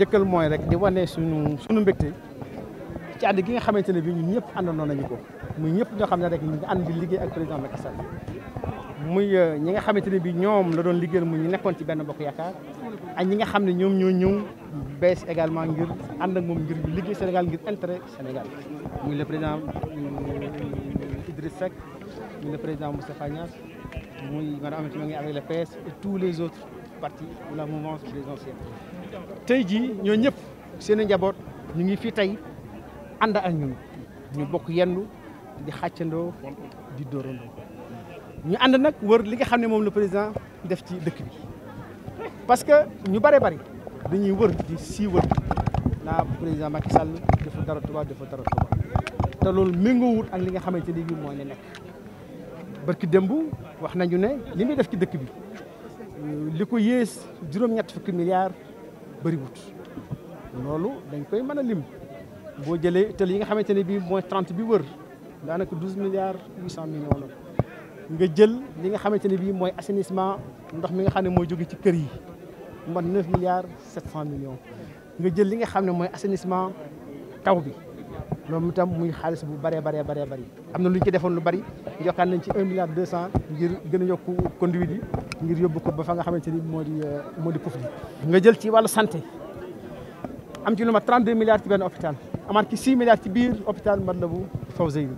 njëkkal moy rek di wane suñu suñu mbégte ci add gi nga xamante ne bi ñun ñëpp àndandoo nañu ko muy ñëpp nga xamné rek ñu ngi ànd di liggéey ak président Macky Sall muy euh, ñi nga xamante ne bi ñoom la doon liggéel mu ñu nekkon ci benn bokk yaakaar ak ñi nga xamné ne ñoom ñoo ñëw bes également ngir and ak mom ngir ñu liggéey Sénégal ngir intérêt Sénégal muy le président euh, Idriss Seck muy le président Moustapha Niass muy madame Aminata Mbengue avec le PS et tous les autres parti de la mouvance tey jii ñoo ñëpp seen i njaboot ñu ngi fii tey ànd ak ñun ñu bokk yendu di xàccandoo di dóorandoo ñu ànd nag wër li nga xam ne moom le président def ci dëkk bi parce que ñu bare bari dañuy wër di siiwal naa président Macky Sall dafa dara Touba dafa dara Touba te loolu wut ak li nga xamante ni bii mooy ne nekk barki démb wax nañu ne li muy def ci dëkk bi Euh, li ko yées juróom-ñett fukki milliards bëriwut loolu dañ koy mën a lim boo jëlee tël yi nga xamante ne bii mooy trente bi wër daanaka douze milliards huit cent nga jël li nga xamante ne bii mooy assainissement ndox mi nga xam ne mooy jóge ci kër yi man neuf milliards sept cent millions nga jël li nga xam ne mooy assainissement taw bi loolu itam muy xaalis bu bëree baree baree bëri am na lu ñu ci defoon lu bari yokkaat nañ ci un milliard cent ngir gën a yokku conduite ngir yóbbu ko ba fa nga xamanteni modi modi di di nga jël ci walu santé am ci luma 32 milliards ci ben hôpital amaat ci 6 milliards ci biir hôpital madlabu Matlaboul bi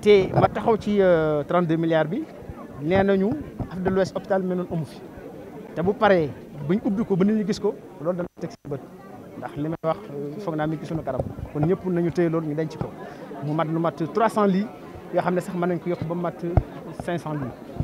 te ma taxaw ci 32 milliards bi nenañu nañu Afrique hôpital menon noonu amu fi te bu paré buñ ubbi ko ba nit gis ko lolou dana tek ci bët ndax limay wax fogg na mi ci suñu karam kon ñëpp nañu téy lolou ñu denc ci ko mu mat lu mat 300 lits yo xamné sax man nañ ko yok ba mat 500 lits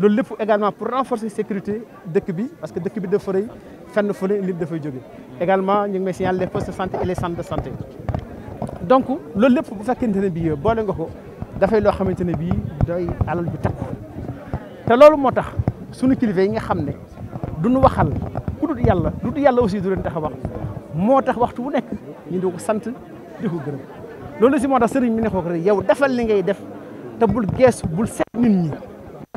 loolu également pour renforcer sécurité dëkk bi parce que dëkk bi de rëy fenn fu nit da fay jóge également ñu ngi may signaler les postes de santé et les centres de santé donc loolu lépp bu fekkente ne bi boole nga ko fay lo xamante ne bii doy alal bi takku té loolu motax suñu sunu yi nga xamné duñu waxal ku dul yàlla du dul aussi du leen tax wax motax waxtu bu nek ñu di ko sant di ko gërëm loolu ci motax tax sëriñ bi ne ko rek yow defal li ngay def té bul gess bul sét nit ñi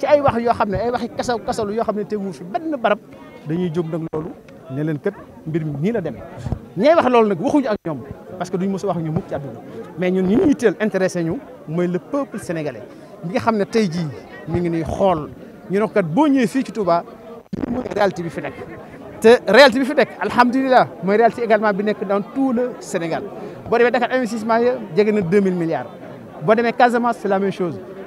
ci ay wax yoo xam ne ay waxi kasaw kasalu yoo xam ne teguwul fi benn barab dañuy jóg nag loolu ne leen mbir la demee ñay wax loolu nag waxuñu ak parce que a wax ci mais ñun intéressé ñu le peuple sénégalais bi nga xam ne tey mi ngi ñu kat ci réalité bi fi réalité bi fi réalité également bi dans tout le Sénégal boo demee Dakar investissement milliards Casamance c'est la même chose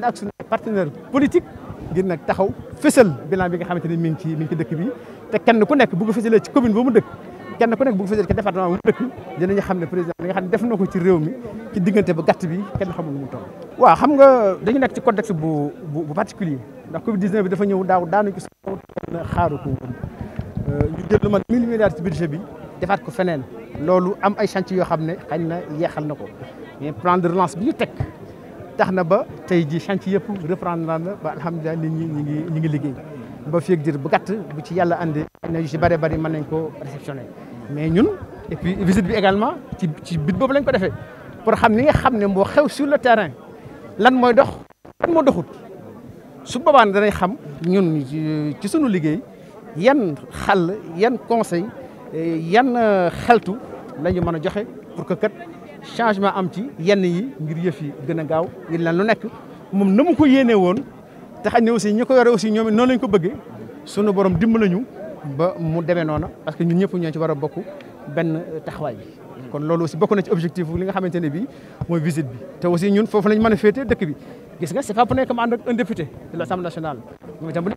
ndax ak suñu partenaire politique ngir nag taxaw fësal bilan bi nga xamante ne mi ngi ci mi ci dëkk bi te kenn ku nekk bu ko fësalee ci commune ba mu dëkk kenn ku nekk bu ko fësalee ci département ba mu dëkk dinañu ne président li nga xam ne def na ko ci réew mi ci diggante ba gàtt bi kenn xamul mu toll waaw xam nga dañu nekk ci contexte bu bu particulier ndax covid 19 bi dafa ñëw daaw daanu ci soon xaaru ko woon euh, ñu jël lu mat mille milliards ci bi defaat ko feneen loolu am ay chantier yoo xam ne xañ na yeexal na ko mais plan de relance bi ñu teg tax ba tay ji chantier yëpp reprendre naan na ba alhamdulilah nit ñi ñi ngi ñu liggéey ba fi ak dir bu gàtt bu ci yalla andi na yu si bëree bëri nañ ko réceptionné mais ñun et puis visite bi également ci ci bit bobu lañ ko defee pour xam li nga xam ne moo xew sur le terrain lan mooy dox lan moo doxut su boobaa danañ xam ñun ci sunu liggéey yan xal yan conseil eh, yan euh, xeltu lañu ñu mën a joxe pour que kat changement am ci yenn yi ngir yëf yi gën gaaw ngir lan lu nekk moom na mu ko yéenee woon te xañ ne aussi ñi ko yore aussi ñoom noonu lañ ko bëggee sunu borom dimbali ñu ba mu demee noona parce que ñun ñëpp ñoo ci war a bokk benn taxawaay kon loolu aussi bokk na ci objectif li nga xamante ne bii mooy visite bi te aussi ñun foofu lañ mën a féetee dëkk bi gis nga c'est pas pour nekk ma ànd ak un député de l'Assemblée nationale. moom itam bu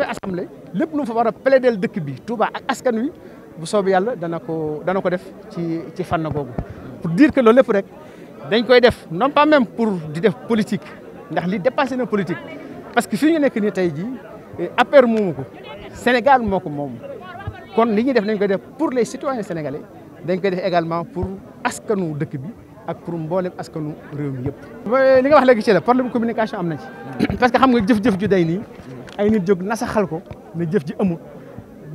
lépp lu fa war a plaider dëkk bi Touba ak askan wi bu soobee yàlla dana ko dana ko def ci ci fànn googu. pour dire que loolu lépp rek dañ koy def non pas même pour di def politique ndax li dépassé na politique parce que fii ñu nekk nii tey jii eh, APR moomu ko Sénégal moo ko moom kon li ñuy def dañ koy def pour les citoyens sénégalais dañ koy def également pour askanu dëkk bi ak pour mboolem askanu réew mi yëpp. li nga wax léegi ci la problème communication am na ci. Mm. parce que xam nga jëf-jëf ju day nii ay nit jóg nasaxal ko ne jëf ji amul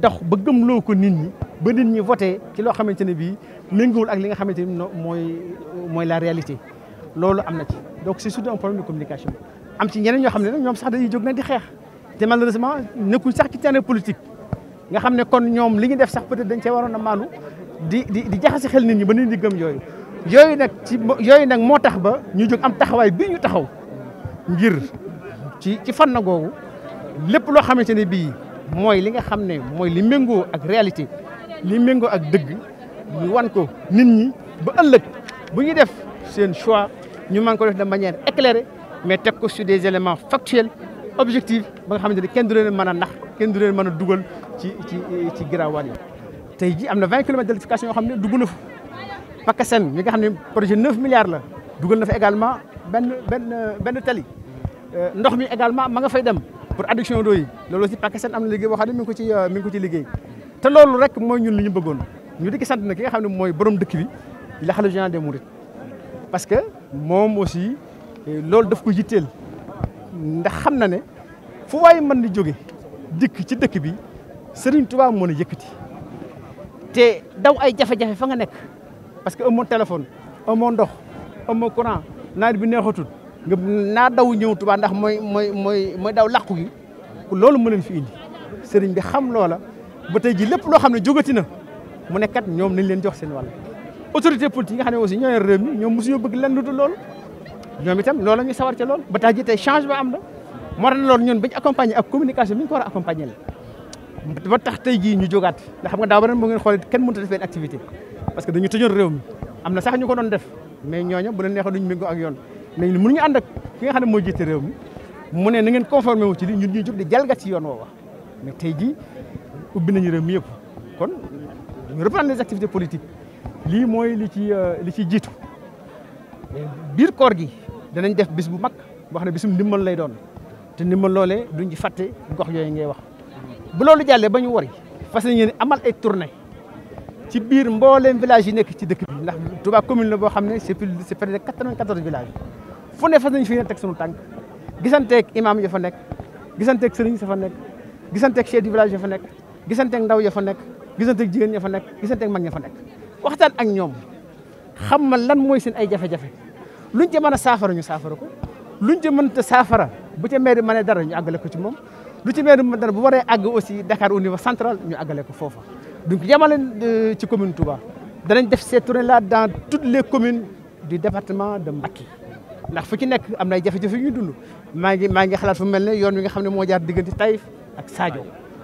dox ba gëmloo ko nit ñi. ba nit ñi voté ci loo xamante ne bii méngoowul ak li nga xamante ni mooy mooy la réalité loolu am na ci donc c'est surtout un problème de communication am si ñeneen ñoo xam ne nag ñoom sax dañuy jóg nag di xeex te malheureusement nekkuñ sax ci politique nga xam ne kon ñoom li ñu def sax peut-être dañ cee waroon a maanu di di di jaxase xel nit ñi ba nit gëm yooyu yooyu nag ci yooyu nag moo tax ba ñu jóg am taxawaay bii taxaw ngir ci ci na googu lépp loo xamante ne bii mooy li nga xam ne mooy li méngoo ak réalité li mengo ak deug ñu wan ko nit ñi ba ëlëk bu ñu def seen choix ñu mën ko def de manière éclairée mais tek ko sur des éléments factuels objectifs ba nga xamante kenn du leen mën a nax kenn du leen mën a dugal ci ci ci giraawaal yi. tey ji am na 20 km d'électrification yoo xam ne dugg na fa Pakasen mi nga xam ne projet 9 milliards la dugal na fa également benn benn benn tali euh, ndox mi également ma nga fay dem pour adduction d'eau yi loolu aussi Pakasen am na liggéey boo xam ne mi ngi ko ci euh, mi ngi ko ci liggéey. te loolu rek mooy ñun li ñu bëggoon ñu di ki sant na ki nga xam ne mooy borom dëkk bi di la xalifa de des mourides parce que moom aussi eh, loolu daf ko yitteel ndax xam na ne fu waay mën di jóge dikk ci dëkk bi Serigne Touba moo la yëkkati te daw ay jafe-jafe fa nga nekk parce que amoo téléphone amoo ndox amoo courant nawet bi neexatul nga naa daw ñëw Touba ndax mooy mooy mooy mooy daw làqu gi loolu mën leen fi indi Serigne bi xam loola. ba tay ji lepp lo xamne jogati na mu ne kat ñom nañ leen jox seen wal autorité politique nga xamne aussi ñoy yor réew mi ñoom mosuñu bëgg lenn lu lool ñom itam lool lañu sawar ci lool ba tay ji tey changement am na mo tax lool ñun bañ accompagner ak communication mi ko wara accompagner la ba tax tay ji ñu jogat ndax xam nga da ba mo bu ngeen xoolee kenn mu a def benn activité parce que dañu tëjoon réew mi am na sax ñu ko doon def mais ñooñu bu leen neexoon duñu mëngu ak yoon mais nañ ñu and ak ki nga xamne mo moo jiite mi mu ne na ngeen conformer wu ci li ñun ñu jóg di jalgat ci yoon wax mais tay ji ubbi nañu réew mi yëpp kon ñu reprendre les activités politiques lii mooy li ci euh, li ci jiitu biir koor gi danañ def bis bu mag boo xam ne bisum ndimbal lay doon te ndimbal loolee duñ ci fàtte gox yooyu ngay wax. bu loolu jàllee ba ñu wari fas ñu amal ay tournée ci biir mbooleem village yi nekk ci dëkk bi ndax Touba commune la boo xam ne c'est plus c'est près de 94 villages fu ne fas nañu fi ne teg sunu tànk gisanteeg imam ya fa nekk gisanteeg sëriñ sa fa nekk gisanteeg chef du village ya fa nekk. gisanteeg ndaw ya fa nekk gisanteeg jigéen ña fa nekk gisanteeg mag ña fa nekk waxtaan ak ñoom xam ma lan mooy seen ay jafe-jafe luñ ca mën a saafara ñu saafara ko luñ ca mënta saafara bu ca mairie mënee dara ñu àggale ko ci moom lu ci mairie mën dara bu waree àgg aussi Dakar au niveau central ñu àggale ko foofa donc yemale euh, ci commune Touba danañ def ces tournées là dans toutes les communes di departement de Mbacké ndax fu ci nekk am na ay jafe-jafe yu ñuy maa ngi maa ngi xalaat fu mel ne yoon wi nga xam ne moo jaar diggante Taïf ak Sadio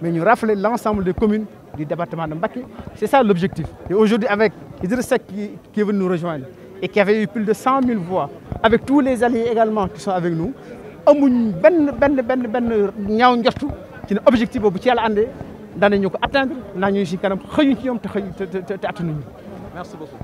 mais nous rafler l'ensemble des communes du département de Mbaké. C'est ça l'objectif. Et aujourd'hui, avec Idrissa qui, qui nous rejoindre et qui avait eu plus de 100 000 voix, avec tous les alliés également qui sont avec nous, nous avons un objectif qui est yàlla àndee ko atteindre ñuy kanam merci beaucoup.